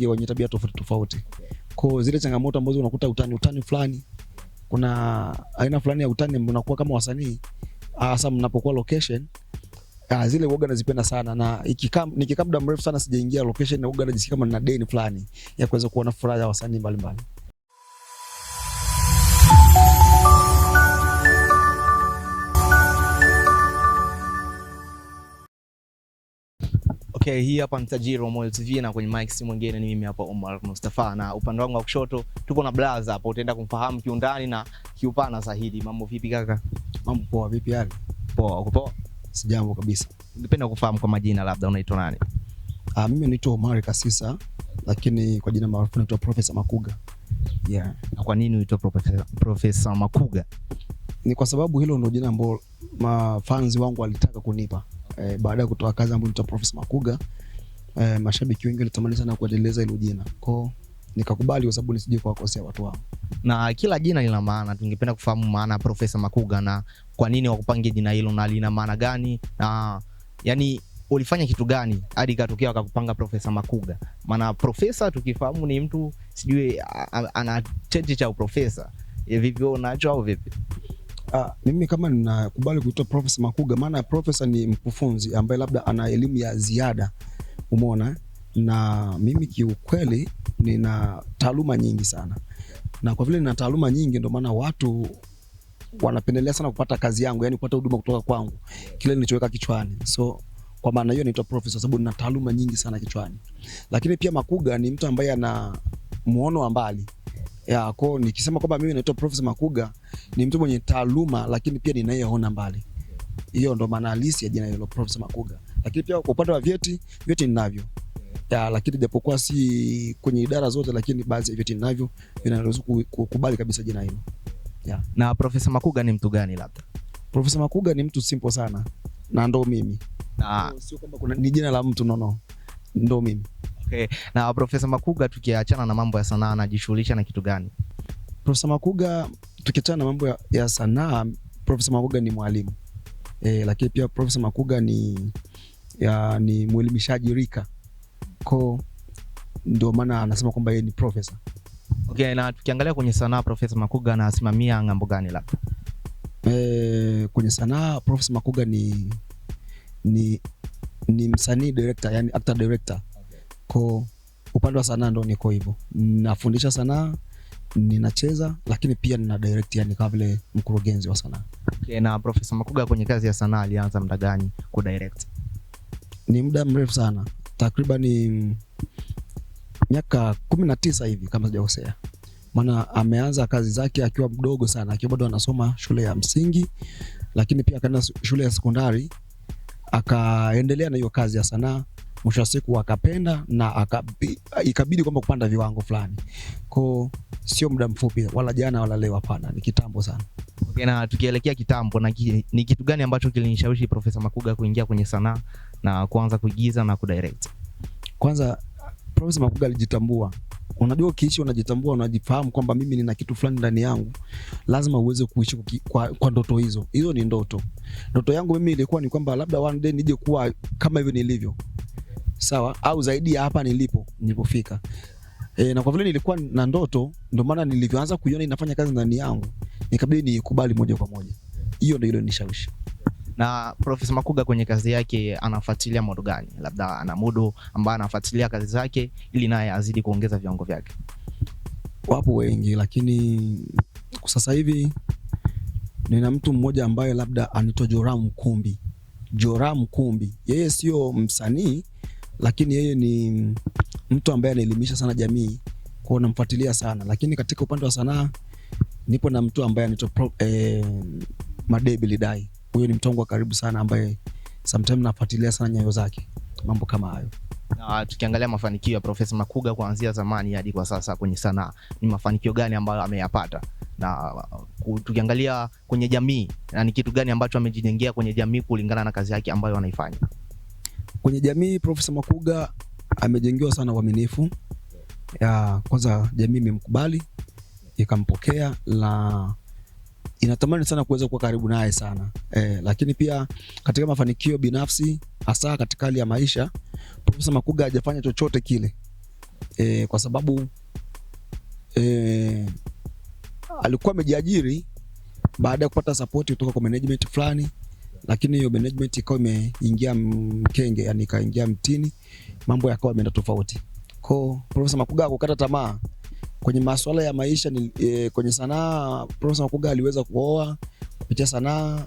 wenye tabia tofauti tofauti. Kwa zile changamoto ambazo unakuta utani utani fulani, kuna aina fulani ya utani mnakuwa kama wasanii, hasa mnapokuwa location Ah, zile woga nazipenda sana na nikikaa muda mrefu sana sijaingia location na woga najisikia kama nina deni fulani ya kuweza kuona furaha ya wasanii mbalimbali. Okay, hii hapa msajili wa Moyo TV na kwenye mic si mwingine ni mimi hapa Omar Mustafa, na upande wangu wa kushoto tupo na Blaza hapa utaenda kumfahamu kiundani na kiupana zaidi. Mambo vipi kaka? Mambo poa. Vipi hali? Poa. Uko poa? Sijambo kabisa. Ningependa kufahamu kwa majina, labda unaitwa nani? Ah, mimi naitwa Omar Kasisa, lakini kwa jina maarufu naitwa Profesa Makuga. Yeah. Na kwa nini unaitwa Profesa Makuga? Ni kwa sababu hilo ndio jina ambalo mafanzi wangu walitaka kunipa eh, baada ya kutoa kazi ambayo ni Profesa Makuga eh, mashabiki wengi walitamani sana kuendeleza hilo jina kwao, nikakubali kwa sababu nisije kuwakosea watu wao. Na kila jina lina maana, tungependa kufahamu maana ya Profesa Makuga na kwa nini wakupangia jina hilo na lina maana gani, na yani ulifanya kitu gani hadi ikatokea wakakupanga Profesa Makuga? Maana profesa tukifahamu ni mtu sijui ana cheti cha uprofesa, vivyo nacho au vipi? Ah, mimi kama ninakubali kuitwa Profesa Makuga, maana profesa ni mkufunzi ambaye labda ana elimu ya ziada, umeona. Na mimi kiukweli nina taaluma nyingi sana, na kwa vile nina taaluma nyingi, ndio maana watu wanapendelea sana kupata kazi yangu, yani kupata huduma kutoka kwangu, kile nilichoweka kichwani. So kwa maana hiyo naitwa profesa, sababu nina taaluma nyingi sana kichwani. Lakini pia Makuga ni mtu ambaye ana muono wa mbali ya kwa Nikisema kwamba mimi naitwa Profesa Makuga, ni mtu mwenye taaluma, lakini pia ninayeona mbali. Hiyo ndo maana halisi ya jina hilo Profesa Makuga. Lakini pia kwa upande wa vyeti, vyeti ninavyo ya, lakini japokuwa si kwenye idara zote, lakini baadhi ya vyeti ninavyo vinaruhusu kukubali kabisa jina hilo ya. Na Profesa Makuga ni mtu gani? Labda Profesa Makuga ni mtu simple sana, na ndo mimi na... sio kwamba kuna ni jina la mtu nono, ndo mimi. Okay. Na Profesa Makuga tukiachana na mambo ya sanaa anajishughulisha na kitu gani? Profesa Makuga tukiachana na mambo ya, ya sanaa, Profesa Makuga ni mwalimu. E, lakini pia Profesa Makuga ni ya, ni mwelimishaji rika. ko, ndio maana anasema kwamba yeye ni profesa. Okay, na tukiangalia kwenye sanaa Profesa Makuga anasimamia ng'ambo gani labda? E, kwenye sanaa Profesa Makuga ni ni ni msanii director, yani actor director Ko upande wa sanaa ndo niko hivyo, nafundisha sanaa, ninacheza lakini pia nina direct, yani kama vile mkurugenzi wa sanaa. Okay, na Profesa Makuga kwenye kazi ya sanaa alianza muda gani ku direct? Ni muda mrefu sana, takriban miaka kumi na tisa hivi kama sijakosea, maana ameanza kazi zake akiwa mdogo sana, akiwa bado anasoma shule ya msingi, lakini pia akaenda shule ya sekondari akaendelea na hiyo kazi ya sanaa mwisho wa siku akapenda na ikabidi kwamba kupanda viwango fulani. ko, sio muda mfupi wala jana wala leo, hapana, ni kitambo sana. Okay, na tukielekea kitambo na ki, ni kitu gani ambacho kilinishawishi Profesa Makuga kuingia kwenye sanaa na kuanza kuigiza na kudirect? Kwanza Profesa Makuga alijitambua. Unajua, ukiishi unajitambua, unajifahamu kwamba mimi nina kitu fulani ndani yangu, lazima uweze kuishi kwa, kwa ndoto hizo. Hizo ni ndoto. Ndoto yangu mimi ilikuwa ni kwamba labda one day nije kuwa kama hivyo nilivyo, sawa, au zaidi ya hapa nilipo nilipofika. E, na kwa vile nilikuwa na ndoto, ndio maana nilivyoanza kuiona inafanya kazi ndani yangu nikabidi niikubali moja kwa moja. Hiyo ndio ile iliyonishawishi. Na Profesa Makuga kwenye kazi yake anafuatilia modo gani? Labda ana modo ambaye anafuatilia kazi zake ili naye azidi kuongeza viwango vyake. Wapo wengi, lakini kwa sasa hivi nina mtu mmoja ambaye labda anaitwa Joram Kumbi. Joram Kumbi yeye sio msanii lakini yeye ni mtu ambaye anaelimisha sana jamii, kwa namfuatilia sana lakini katika upande wa sanaa nipo na mtu ambaye anaitwa eh, Madebe Lidai. Huyo ni mtongo wa karibu sana ambaye sometimes nafuatilia sana nyayo zake, mambo kama hayo. Na tukiangalia mafanikio ya Profesa Makuga kuanzia zamani hadi kwa sasa kwenye sanaa, ni mafanikio gani ambayo ameyapata? Na tukiangalia kwenye jamii, na ni kitu gani ambacho amejijengea kwenye jamii kulingana na kazi yake ambayo anaifanya? Kwenye jamii Profesa Makuga amejengewa sana uaminifu. Kwanza jamii imemkubali ikampokea na inatamani sana kuweza kuwa karibu naye sana e, lakini pia katika mafanikio binafsi, hasa katika hali ya maisha, Profesa Makuga hajafanya chochote kile e, kwa sababu e, alikuwa amejiajiri baada ya kupata sapoti kutoka kwa management fulani lakini hiyo management ikawa imeingia mkenge, yani ikaingia mtini, mambo yakawa yameenda tofauti. Kwa Profesa Makuga hakukata tamaa kwenye masuala ya maisha ni, e, kwenye sanaa Profesa Makuga aliweza kuoa kupitia sanaa,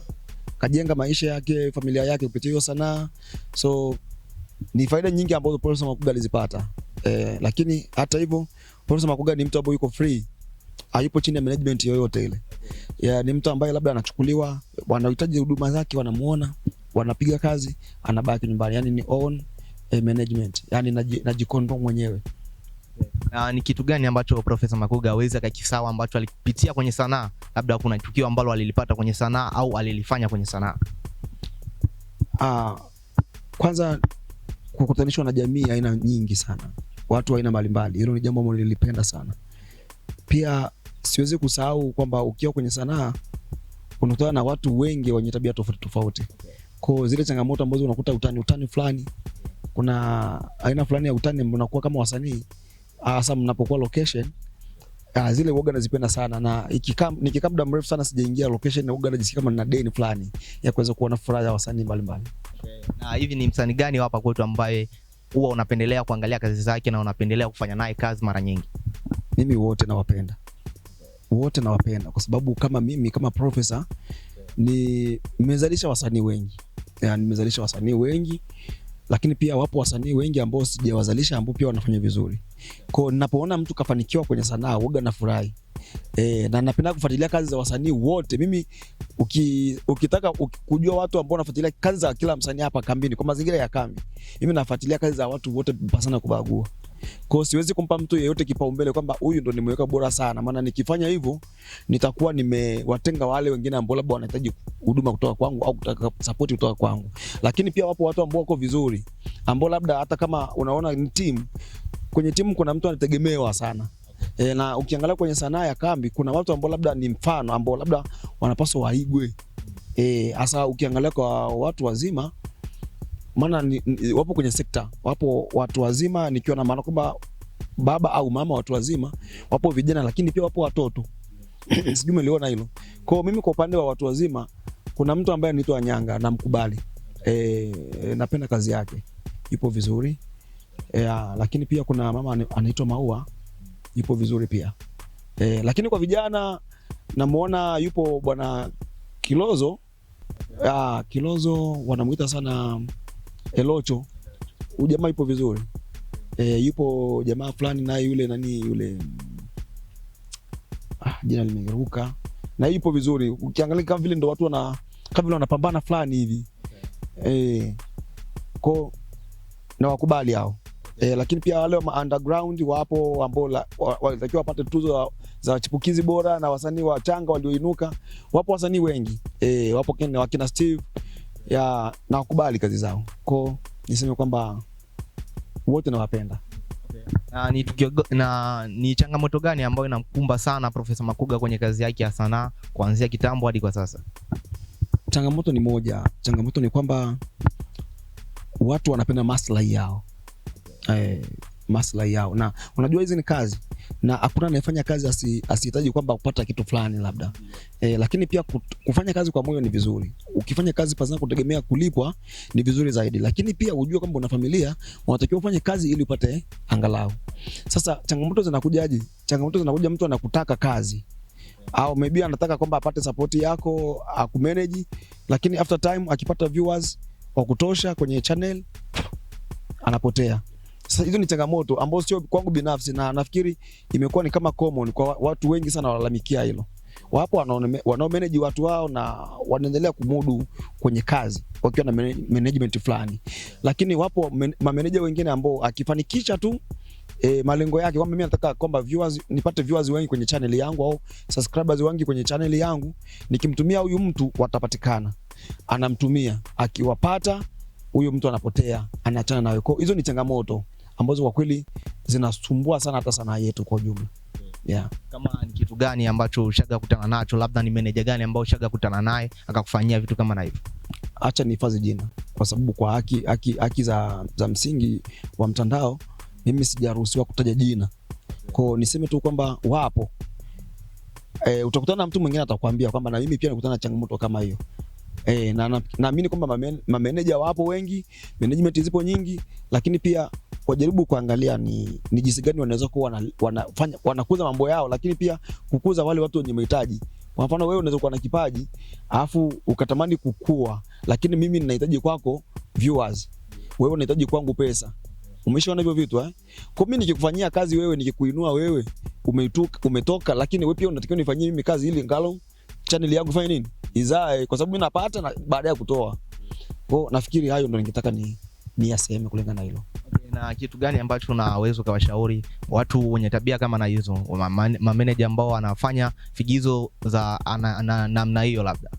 kajenga maisha yake, familia yake kupitia hiyo sanaa. So ni faida nyingi ambazo Profesa Makuga alizipata. E, lakini hata hivyo Profesa Makuga ni mtu ambaye yuko free hayupo chini ya management yoyote ile. Ya, ni mtu ambaye labda anachukuliwa, wanahitaji huduma zake, wanamuona, wanapiga kazi, anabaki nyumbani. Yani ni own eh, management. Yani najikondom mwenyewe. Na ni kitu gani ambacho Profesa Makuga awezi akakisawa ambacho alipitia kwenye sanaa? Labda kuna tukio ambalo alilipata kwenye sanaa au alilifanya kwenye sanaa? Ah, kwanza kukutanishwa na jamii aina nyingi sana, watu aina mbalimbali, hilo ni jambo ambalo nilipenda sana. Pia siwezi kusahau kwamba ukiwa kwenye sanaa unakutana na watu wengi wenye tabia tofauti tofauti. Kwa zile changamoto ambazo unakuta utani utani fulani, kuna aina fulani ya utani mnakuwa kama wasanii, hasa mnapokuwa location Ah, zile woga nazipenda sana na ikikam, nikikaa muda mrefu sana sijaingia location na woga najisikia kama nina deni fulani ya kuweza kuona furaha ya wasanii mbalimbali. Okay. Na hivi ni msanii gani hapa kwetu ambaye huwa unapendelea kuangalia kazi zake na unapendelea kufanya naye kazi mara nyingi? mimi wote nawapenda, wote nawapenda kwa sababu kama mimi kama profesa ni nimezalisha wasanii wengi, yani nimezalisha wasanii wengi, lakini pia wapo wasanii wengi ambao sijawazalisha ambao pia wanafanya vizuri. Kwa ninapoona mtu kafanikiwa kwenye sanaa huwa nafurahi. E, na napenda kufuatilia kazi za wasanii wote. Mimi uki, ukitaka uki, kujua watu ambao wanafuatilia kazi za kila msanii hapa kambini kwa mazingira ya kambi. Mimi nafuatilia kazi za watu wote pasa na kubagua. Kwa hiyo siwezi kumpa mtu yeyote kipaumbele kwamba huyu ndo nimeweka bora sana, maana nikifanya hivyo nitakuwa nimewatenga wale wengine ambao labda wanahitaji huduma kutoka kwangu au kutaka support kutoka kwangu. Lakini pia wapo watu ambao wako vizuri ambao labda hata kama unaona ni team kwenye timu kuna mtu anategemewa sana e, na ukiangalia kwenye sanaa ya kambi kuna watu ambao labda ni mfano ambao labda wanapaswa waigwe e, hasa e, ukiangalia kwa watu wazima maana wapo kwenye sekta, wapo watu wazima, nikiwa na maana kwamba baba au mama watu wazima, wapo vijana, lakini pia wapo watoto sijui umeliona hilo. Kwa mimi kwa upande wa watu wazima kuna mtu ambaye anaitwa Nyanga namkubali, e, napenda kazi yake, ipo vizuri yeah, eh, lakini pia kuna mama anaitwa Maua yupo vizuri pia eh, lakini kwa vijana namuona yupo bwana Kilozo ah, Kilozo wanamuita sana Elocho. Ujamaa yupo vizuri eh, yupo jamaa fulani naye yule nani yule ah, jina limeruka na yupo vizuri, ukiangalia kama vile ndo watu wana kama vile wanapambana fulani hivi okay. eh, ko na wakubali hao E, lakini pia wale wa underground wapo ambao walitakiwa wapate tuzo za chipukizi bora na wasanii wachanga walioinuka. Wapo wasanii wengi e, wapo kina wakina Steve ya na kazi zao, ko, niseme kwamba wote nawapenda. Okay. Na, ni tukio, na ni changamoto gani ambayo inamkumba sana Profesa Makuga kwenye kazi yake ya sanaa kuanzia kitambo hadi kwa sasa? Changamoto ni moja, changamoto ni kwamba watu wanapenda maslahi yao eh, maslahi yao, na unajua hizi ni kazi na hakuna anayefanya kazi asihitaji asi kwamba kupata kitu fulani labda eh, lakini pia kufanya kazi kwa moyo ni vizuri. Ukifanya kazi pasipo kutegemea kulipwa ni vizuri zaidi, lakini pia ujue kwamba una familia, unatakiwa ufanye kazi ili upate angalau. Sasa changamoto zinakujaje? Changamoto zinakuja, mtu anakutaka kazi au maybe anataka kwamba apate support yako akumanage, lakini after time akipata viewers wa kutosha kwenye channel anapotea. Sasa hizo ni changamoto ambazo sio kwangu binafsi, na nafikiri imekuwa ni kama common kwa watu wengi sana walalamikia hilo. Wapo wanaomeneji watu wao na wanaendelea kumudu kwenye kazi wakiwa na management fulani, lakini wapo mameneja wengine ambao akifanikisha tu E, malengo yake kwamba mimi nataka kwamba viewers nipate viewers wengi kwenye channel yangu au subscribers wengi kwenye channel yangu, nikimtumia huyu mtu watapatikana. Anamtumia, akiwapata huyu mtu anapotea, anaachana nawe. Kwa hizo ni changamoto ambazo kwa kweli zinasumbua sana hata sanaa yetu kwa ujumla. Yeah. Kama ni kitu gani ambacho ushaga kutana nacho, labda ni meneja gani ambao ushaga kutana naye akakufanyia vitu kama na hivyo? Acha nihifadhi jina, kwa sababu kwa haki, haki, haki za, za msingi wa mtandao mimi sijaruhusiwa kutaja jina, kwa niseme tu kwamba wapo. E, utakutana na mtu mwingine atakwambia kwamba na mimi pia nikutana na changamoto kama hiyo. E, na naamini na kwamba mameneja wapo wengi, management zipo nyingi, lakini pia wajaribu kuangalia ni, ni jinsi gani wanaweza kuwa wana, wanafanya wanakuza mambo yao, lakini pia kukuza wale watu wenye mahitaji. Kwa mfano wewe unaweza kuwa na kipaji alafu ukatamani kukua, lakini mimi ninahitaji kwako viewers, wewe unahitaji kwangu pesa. Umeshaona hivyo vitu eh? Kwa mimi nikikufanyia kazi wewe, nikikuinua wewe, umetoka umetoka, lakini wewe pia unatakiwa nifanyie mimi kazi ili ngalo channel yangu fanye nini izae, kwa sababu mimi napata na baada ya kutoa kwao. Nafikiri hayo ndio ningetaka ni ni yaseme kulingana na hilo na kitu gani ambacho unaweza ukawashauri watu wenye tabia kama na hizo, mameneja ambao wanafanya figizo za namna hiyo? Labda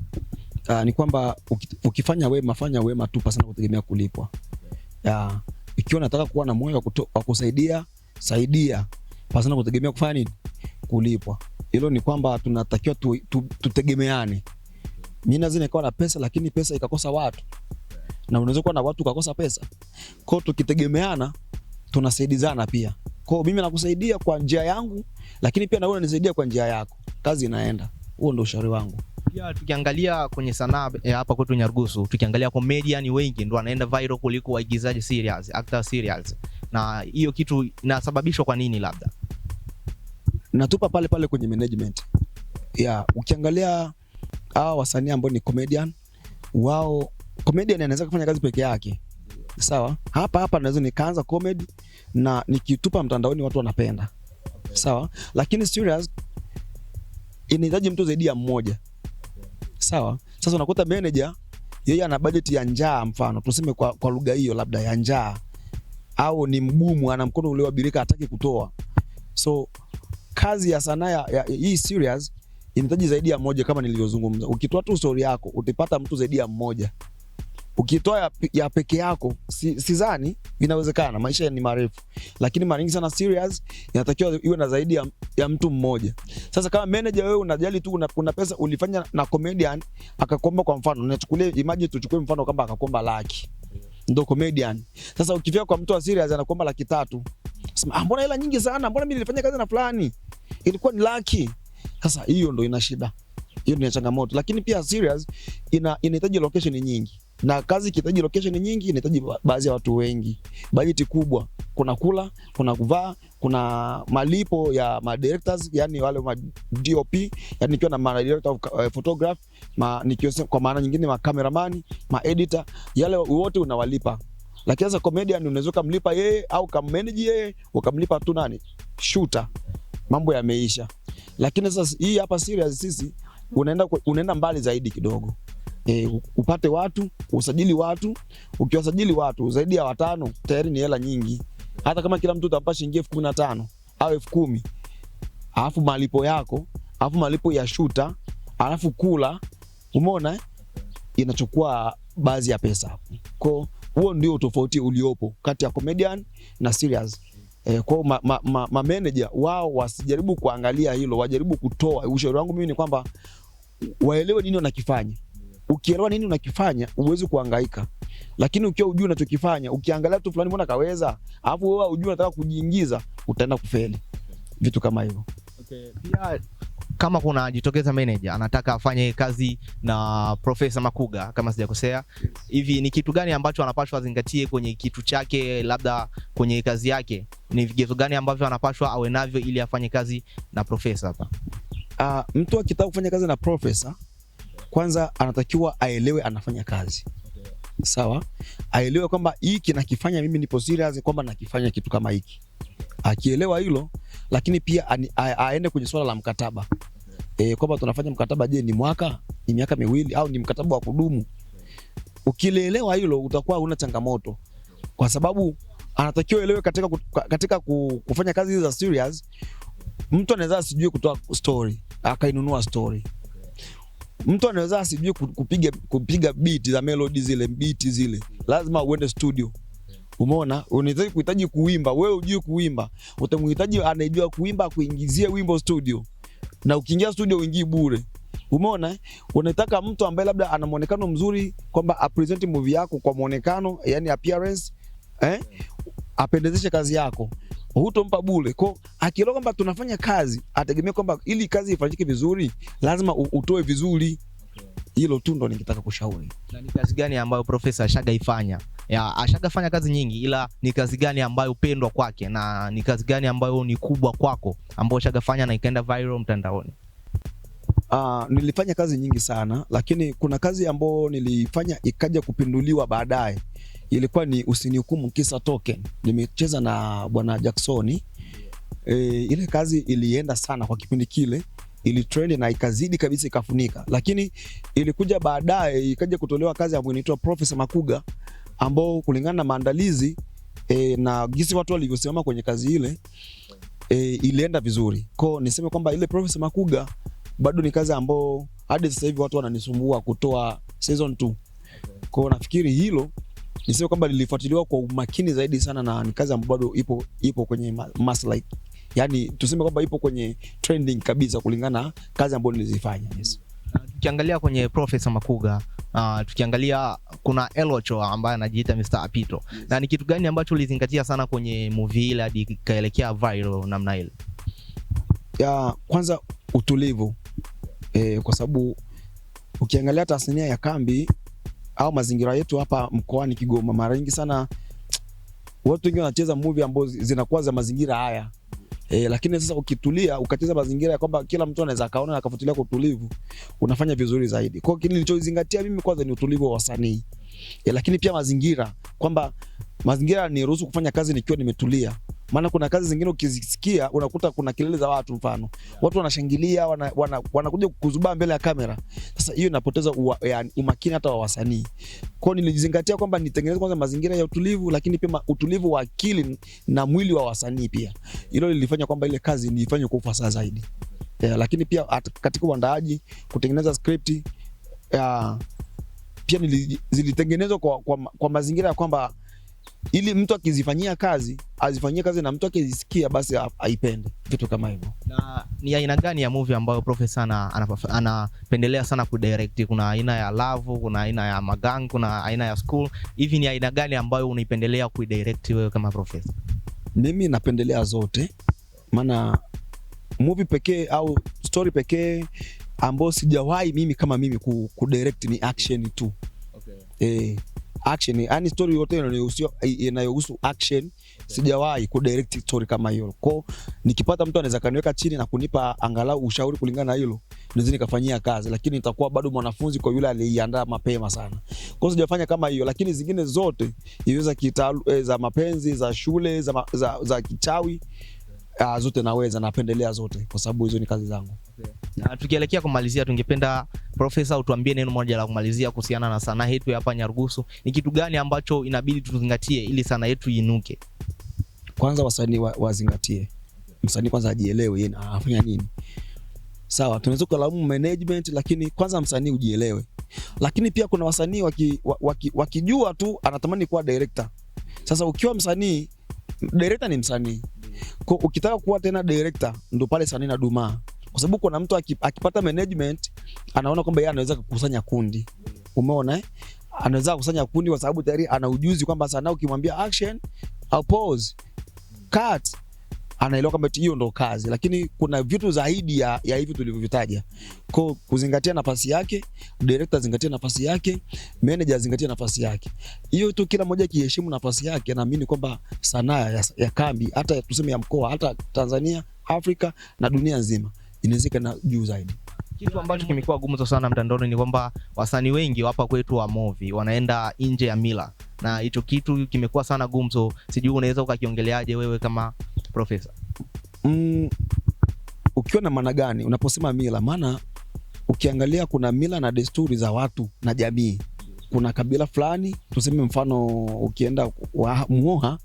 uh, ni kwamba ukifanya wema, fanya wema tu pasana kutegemea kulipwa. yeah. ikiwa unataka kuwa na moyo wa kusaidia, saidia pasana kutegemea kufanya nini, kulipwa. Hilo ni kwamba tunatakiwa tu, tu, tutegemeane. Mimi naweza nikawa na pesa lakini pesa ikakosa watu na unaweza kuwa na watu ukakosa pesa. Kwa hiyo tukitegemeana, tunasaidizana pia. Kwa hiyo mimi nakusaidia kwa njia yangu, lakini pia na wewe unanisaidia kwa njia yako, kazi inaenda. Huo ndio ushauri wangu. Pia tukiangalia kwenye sanaa eh, hapa kwetu Nyarugusu, tukiangalia comedian wengi ndo wanaenda viral kuliko waigizaji serials, actor serials. Na hiyo kitu inasababishwa kwa nini? Labda natupa pale pale kwenye management ya yeah. Ukiangalia hawa wasanii ambao ni comedian wao comedian anaweza kufanya kazi peke yake sawa. Hapa hapa naweza nikaanza comedy na nikitupa mtandaoni watu wanapenda sawa, lakini serious inahitaji mtu zaidi ya mmoja sawa. Sasa unakuta manager yeye ana budget ya njaa, mfano tuseme kwa, kwa lugha hiyo labda ya njaa, au ni mgumu, ana mkono ule wa birika, hataki kutoa. So kazi ya sanaa ya ya, hii serious inahitaji zaidi ya mmoja, kama nilivyozungumza. Ukitoa tu story yako utapata mtu zaidi ya mmoja ukitoa ya, ya peke yako si, sidhani inawezekana. Maisha ni marefu, lakini mara nyingi sana serious inatakiwa iwe na zaidi ya, ya mtu mmoja. Sasa kama manager wewe unajali tu kuna pesa ulifanya na comedian akakomba, kwa mfano nachukulia, imagine tuchukue mfano kama akakomba laki ndo comedian. Sasa ukifika kwa mtu wa serious anakuomba laki tatu, sema ah, mbona hela nyingi sana, mbona mimi nilifanya kazi na fulani ilikuwa ni laki. Sasa hiyo ndo ina shida, hiyo ni changamoto, lakini pia serious ina inahitaji location nyingi na kazi ikihitaji location nyingi, inahitaji baadhi ya watu wengi, bajeti kubwa. Kuna kula, kuna kuvaa, kuna malipo ya ma yani wale ma DOP, yani nikiwa na ma director of eh, photography, ma nikiwa kwa maana nyingine ma cameraman, ma editor, yale wote unawalipa. Lakini sasa comedian unaweza kumlipa yeye au kummanage yeye, ukamlipa tu nani shooter, mambo yameisha. Lakini sasa hii hapa serious, sisi unaenda unaenda mbali zaidi kidogo e, upate watu usajili watu. Ukiwasajili watu zaidi ya watano tayari ni hela nyingi, hata kama kila mtu utampa shilingi elfu kumi na tano au elfu kumi alafu malipo yako alafu malipo ya shuta alafu kula, umeona inachukua baadhi ya pesa. ko. huo ndio tofauti uliopo kati ya comedian na serious. eh, kwa ma, ma, ma, ma manager wao wasijaribu kuangalia hilo, wajaribu kutoa. Ushauri wangu mimi ni kwamba waelewe nini wanakifanya ukielewa nini unakifanya uwezi kuhangaika, lakini ukiwa ujui unachokifanya, ukiangalia tu fulani mbona kaweza, alafu wewe ujui unataka kujiingiza, utaenda kufeli, vitu kama hivyo. Okay. Pia kama kuna jitokeza manager anataka afanye kazi na Profesa Makuga kama sijakosea hivi, ni kitu gani ambacho anapaswa azingatie kwenye kitu chake, labda kwenye kazi yake? Ni vigezo gani ambavyo anapaswa awe navyo ili afanye kazi na profesa hapa? Uh, mtu akitaka kufanya kazi na profesa kwanza anatakiwa aelewe anafanya kazi sawa, aelewe kwamba hiki nakifanya mimi, nipo serious kwamba nakifanya kitu kama hiki. Akielewa hilo, lakini pia aende kwenye swala la mkataba e, kwamba tunafanya mkataba, je, ni mwaka, ni miaka miwili au ni mkataba wa kudumu? Ukilielewa hilo, utakuwa una changamoto, kwa sababu anatakiwa elewe katika, katika kufanya kazi hizi za serious, mtu anaweza asijue kutoa story akainunua story mtu anaweza asijui kupiga kupiga beat za melody zile beat zile, lazima uende studio. Umeona, unahitaji kuhitaji kuimba, wewe ujui kuimba, utamhitaji anajua kuimba akuingizie wimbo studio, na ukiingia studio uingii bure. Umeona, unataka mtu ambaye labda ana muonekano mzuri, kwamba apresent movie yako kwa muonekano, yani appearance eh, apendezeshe kazi yako hutompa bure. Kwa akielewa kwamba tunafanya kazi, ategemea kwamba ili kazi ifanyike vizuri lazima utoe vizuri. Hilo tu ndo ningetaka kushauri. Na ni kazi gani ambayo Profesa ashagaifanya? Ashagafanya kazi nyingi, ila ni kazi gani ambayo pendwa kwake na ni kazi gani ambayo ni kubwa kwako ambayo ashagafanya na ikaenda viral mtandaoni? Uh, nilifanya kazi nyingi sana, lakini kuna kazi ambayo nilifanya ikaja kupinduliwa baadaye ilikuwa ni usinihukumu kisa token. Nimecheza na bwana Jackson e, ile kazi ilienda sana kwa kipindi kile ili trend na ikazidi kabisa ikafunika, lakini ilikuja baadaye ikaja kutolewa kazi ambayo inaitwa Profesa Makuga, ambao kulingana na maandalizi e, na jinsi watu walivyosimama kwenye kazi ile e, ilienda vizuri. Kwa niseme kwamba ile Profesa Makuga bado ni kazi ambayo hadi sasa hivi watu wananisumbua kutoa season 2. Kwa nafikiri hilo niseme kwamba lilifuatiliwa kwa umakini zaidi sana, na ni kazi ambayo bado ipo, ipo kwenye maslahi yani, tuseme kwamba ipo kwenye trending kabisa kulingana na kazi ambayo nilizifanya. Yes. Ah, tukiangalia kwenye Profesa Makuga uh, tukiangalia kuna Elocho ambaye anajiita Mr. Apito. Yes. Na ni kitu gani ambacho ulizingatia sana kwenye movie ile hadi ikaelekea viral namna ile? Ya kwanza utulivu. E, kwa sababu ukiangalia tasnia ya kambi au mazingira yetu hapa mkoani Kigoma, mara nyingi sana watu wengi wanacheza movie ambazo zinakuwa za mazingira haya e, lakini sasa ukitulia ukacheza mazingira ya kwamba kila mtu anaweza akaona na akafuatilia kwa utulivu, unafanya vizuri zaidi. Kwa hiyo nilichozingatia mimi kwanza ni utulivu wa wasanii e, lakini pia mazingira kwamba mazingira niruhusu kufanya kazi nikiwa nimetulia maana kuna kazi zingine ukizisikia unakuta kuna kelele za watu, mfano watu wanashangilia, wanakuja wana, wana kuzubaa mbele ya kamera. Sasa hiyo inapoteza umakini hata wa wasanii. Kwao nilizingatia kwamba nitengeneze kwanza mazingira ya utulivu, lakini pia utulivu wa akili na mwili wa wasanii pia. Hilo lilifanya kwamba ile kazi niifanye kwa ufasaha zaidi. Yeah, lakini pia at, katika uandaaji kutengeneza skripti uh, ah, pia zilitengenezwa kwa, kwa, kwa mazingira ya kwamba ili mtu akizifanyia kazi azifanyie kazi na mtu akizisikia basi aipende, vitu kama hivyo. Na ni aina gani ya movie ambayo Profe anapendelea sana kudirect? Kuna aina ya love, kuna aina ya magang, kuna aina ya school. Hivi ni aina gani ambayo unaipendelea kuidirect wewe kama Profe? Mimi napendelea zote, maana movie pekee au story pekee ambayo sijawahi mimi kama mimi kudirect ni action tu. Okay. Eh, action, yani story yote inayohusu action sijawahi ku direct story kama hiyo. Kwa nikipata mtu anaweza kaniweka chini na kunipa angalau ushauri kulingana na hilo, naweza nikafanyia kazi, lakini nitakuwa bado mwanafunzi kwa yule aliyeandaa mapema sana. Kwa hiyo sijafanya kama hiyo, lakini zingine zote iweza kitaalu, eh, za mapenzi, za shule, za, za, za kichawi Ah, zote naweza, napendelea zote kwa sababu hizo ni kazi zangu. Okay. Na tukielekea kumalizia, tungependa profesa, utuambie neno moja la kumalizia kuhusiana na sanaa yetu hapa Nyarugusu. Ni kitu gani ambacho inabidi tuzingatie ili sanaa yetu inuke? Kwanza wasanii wazingatie wa msanii kwanza ajielewe yeye anafanya nini. Sawa, tunaweza kulaumu management, lakini kwanza msanii ujielewe. Lakini pia kuna wasanii waki, waki, wakijua tu anatamani kuwa director. Sasa ukiwa msanii, director ni msanii kwa ukitaka kuwa tena director ndo pale sana na dumaa, kwa sababu kuna mtu akipata management anaona kwamba yeye anaweza kukusanya kundi, umeona eh? Anaweza kukusanya kundi kwa sababu tayari ana ujuzi kwamba sana ukimwambia action au pause cut anaelewa kwamba hiyo ndo kazi, lakini kuna vitu zaidi ya, ya hivi tulivyovitaja. Kwa kuzingatia nafasi yake, director zingatia nafasi yake, manager zingatia nafasi yake. Hiyo tu, kila mmoja kiheshimu nafasi yake, naamini kwamba sanaa ya, ya kambi hata tuseme ya mkoa hata Tanzania, Afrika na dunia nzima inaweza na juu zaidi. Kitu ambacho kimekuwa gumzo sana mtandaoni ni kwamba wasanii wengi hapa kwetu wa movi wanaenda nje ya mila, na hicho kitu kimekuwa sana gumzo. Sijui unaweza ukakiongeleaje wewe kama Profesa, mm, ukiwa na maana gani unaposema mila? Maana ukiangalia kuna mila na desturi za watu na jamii. Kuna kabila fulani, tuseme mfano, ukienda Muoha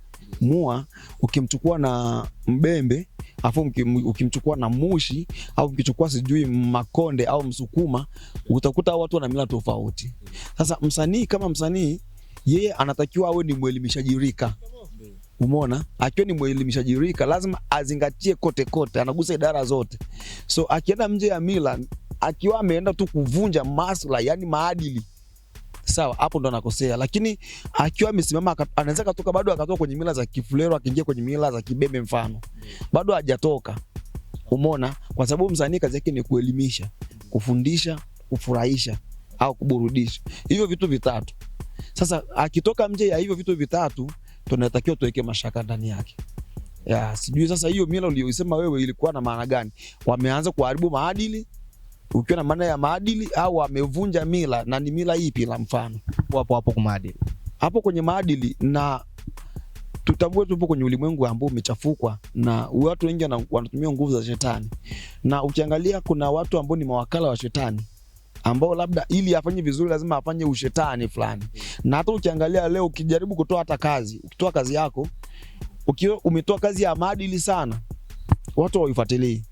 mua ukimchukua na Mbembe afu ukimchukua na Mushi au ukichukua sijui Makonde au Msukuma, utakuta watu wana mila tofauti. Sasa msanii kama msanii, yeye anatakiwa awe ni mwelimishaji rika Umeona, akiwa ni mwelimishaji rika lazima azingatie kote kote, anagusa idara zote. So akienda nje ya mila, akiwa ameenda tu kuvunja masla, yani maadili sawa, hapo ndo anakosea. Lakini akiwa amesimama, anaweza katoka bado akatoka kwenye mila za Kifulero akiingia kwenye mila za Kibembe, mfano bado hajatoka. Umeona, kwa sababu msanii kazi yake ni kuelimisha, kufundisha, kufurahisha au kuburudisha, hivyo vitu vitatu. Sasa akitoka nje ya hivyo vitu vitatu tunatakiwa tuweke mashaka ndani yake. Ya, sijui sasa hiyo mila uliyosema wewe ilikuwa na maana gani? Wameanza kuharibu maadili ukiwa na maana ya maadili au wamevunja mila, na ni mila ipi? La mfano hapo hapo kwa maadili, hapo kwenye maadili, na tutambue tupo kwenye ulimwengu ambao umechafukwa na watu wengi wanatumia nguvu za shetani, na ukiangalia kuna watu ambao ni mawakala wa shetani ambao labda ili afanye vizuri lazima afanye ushetani fulani. Na hata ukiangalia leo, ukijaribu kutoa hata kazi, ukitoa kazi yako, ukiwa umetoa kazi ya maadili sana, watu hawaifuatilii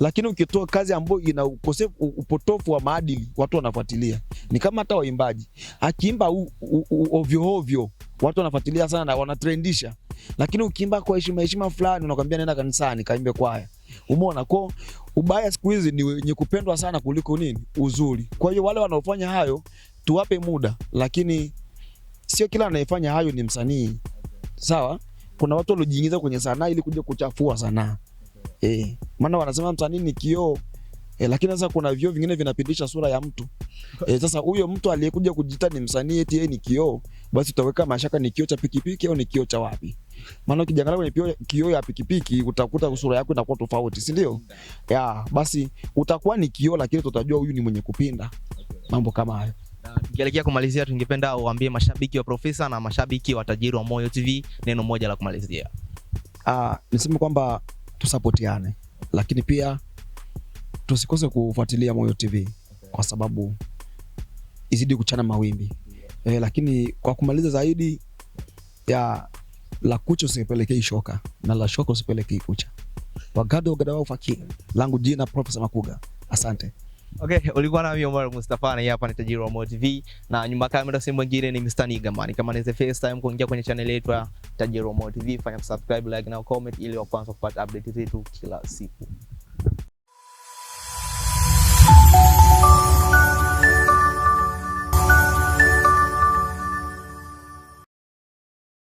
lakini ukitoa kazi ambayo ina ukosefu upotofu wa maadili watu wanafuatilia. Ni kama hata waimbaji akiimba ovyo ovyo watu wanafuatilia sana, wanatrendisha. Lakini ukiimba kwa heshima heshima fulani, unakwambia nenda kanisani kaimbe kwaya, Umeona kwa ubaya siku hizi ni wenye kupendwa sana kuliko nini uzuri. Kwa hiyo wale wanaofanya hayo tuwape muda, lakini sio kila anayefanya hayo ni msanii. Sawa, kuna watu waliojiingiza kwenye sanaa ili kuja kuchafua sanaa eh, maana wanasema msanii ni kioo E, lakini sasa kuna vioo vingine vinapindisha sura ya mtu. E, sasa huyo mtu aliyekuja kujita ni msanii eti yeye ni kioo, basi utaweka mashaka ni kioo cha pikipiki au ni kioo cha wapi? maana ukijiangalia kwenye kioo ya pikipiki utakuta sura yako inakuwa tofauti, si ndio? Ya basi utakuwa ni kioo, lakini tutajua huyu ni mwenye kupinda, mambo kama hayo. Tukielekea kumalizia, tungependa uambie mashabiki wa Profesa na mashabiki wa Tajiri wa Moyo TV neno moja la kumalizia. Ah, niseme kwamba tusapotiane, lakini pia tusikose kufuatilia Moyo TV kwa sababu izidi kuchana mawimbi eh, lakini kwa kumaliza zaidi ya la kucha usipelekei shoka na la shoka usipelekei kucha. Wagado wagadao faki langu jina Profesa Makuga, asante. Okay, ulikuwa nami Omar Mustafa na hapa ni Tajiri wa Mo TV na nyuma kamera si mwingine ni Mr. Nigamani. Kama ni the first time kuingia kwenye channel yetu ya Tajiri wa Mo TV, fanya subscribe, like na comment ili wa kwanza kupata update zetu kila siku.